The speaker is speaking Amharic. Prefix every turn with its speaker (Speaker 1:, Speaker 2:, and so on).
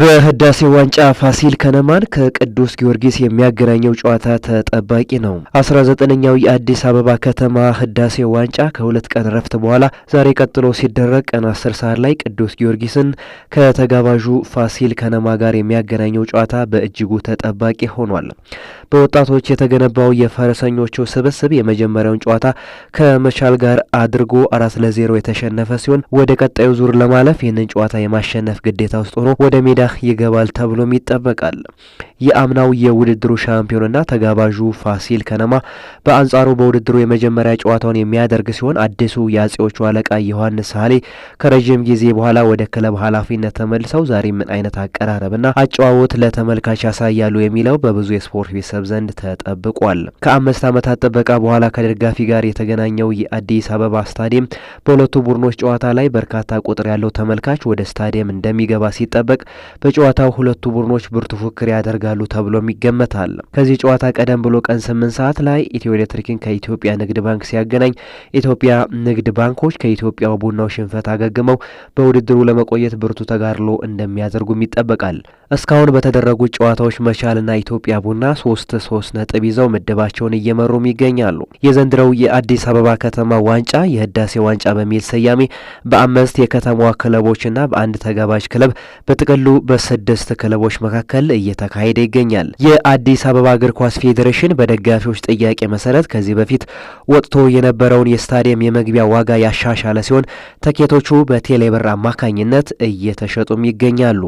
Speaker 1: በህዳሴ ዋንጫ ፋሲል ከነማን ከቅዱስ ጊዮርጊስ የሚያገናኘው ጨዋታ ተጠባቂ ነው። አስራ ዘጠነኛው የአዲስ አበባ ከተማ ህዳሴ ዋንጫ ከሁለት ቀን ረፍት በኋላ ዛሬ ቀጥሎ ሲደረግ ቀን አስር ሰዓት ላይ ቅዱስ ጊዮርጊስን ከተጋባዡ ፋሲል ከነማ ጋር የሚያገናኘው ጨዋታ በእጅጉ ተጠባቂ ሆኗል። በወጣቶች የተገነባው የፈረሰኞቹ ስብስብ የመጀመሪያውን ጨዋታ ከመቻል ጋር አድርጎ አራት ለዜሮ የተሸነፈ ሲሆን ወደ ቀጣዩ ዙር ለማለፍ ይህንን ጨዋታ የማሸነፍ ግዴታ ውስጥ ሆኖ ወደ ሜዳ ሜዳ ይገባል ተብሎም ይጠበቃል። የአምናው የውድድሩ ሻምፒዮንና ተጋባዡ ፋሲል ከነማ በአንጻሩ በውድድሩ የመጀመሪያ ጨዋታውን የሚያደርግ ሲሆን አዲሱ የአጼዎቹ አለቃ ዮሐንስ ሳህሌ ከረዥም ጊዜ በኋላ ወደ ክለብ ኃላፊነት ተመልሰው ዛሬ ምን አይነት አቀራረብና አጨዋወት ለተመልካች ያሳያሉ የሚለው በብዙ የስፖርት ቤተሰብ ዘንድ ተጠብቋል። ከአምስት ዓመታት ጥበቃ በኋላ ከደጋፊ ጋር የተገናኘው የአዲስ አበባ ስታዲየም በሁለቱ ቡድኖች ጨዋታ ላይ በርካታ ቁጥር ያለው ተመልካች ወደ ስታዲየም እንደሚገባ ሲጠበቅ በጨዋታው ሁለቱ ቡድኖች ብርቱ ፉክክር ያደርጋሉ ተብሎም ይገመታል። ከዚህ ጨዋታ ቀደም ብሎ ቀን ስምንት ሰዓት ላይ ኢትዮ ኤሌክትሪክን ከኢትዮጵያ ንግድ ባንክ ሲያገናኝ ኢትዮጵያ ንግድ ባንኮች ከኢትዮጵያ ቡናው ሽንፈት አገግመው በውድድሩ ለመቆየት ብርቱ ተጋድሎ እንደሚያደርጉም ይጠበቃል። እስካሁን በተደረጉት ጨዋታዎች መቻልና ኢትዮጵያ ቡና ሶስት ሶስት ነጥብ ይዘው ምድባቸውን እየመሩም ይገኛሉ። የዘንድረው የአዲስ አበባ ከተማ ዋንጫ የህዳሴ ዋንጫ በሚል ስያሜ በአምስት የከተማዋ ክለቦችና በአንድ ተጋባዥ ክለብ በጥቅሉ በስድስት ክለቦች መካከል እየተካሄደ ይገኛል። የአዲስ አበባ እግር ኳስ ፌዴሬሽን በደጋፊዎች ጥያቄ መሰረት ከዚህ በፊት ወጥቶ የነበረውን የስታዲየም የመግቢያ ዋጋ ያሻሻለ ሲሆን ትኬቶቹ በቴሌብር አማካኝነት እየተሸጡም ይገኛሉ።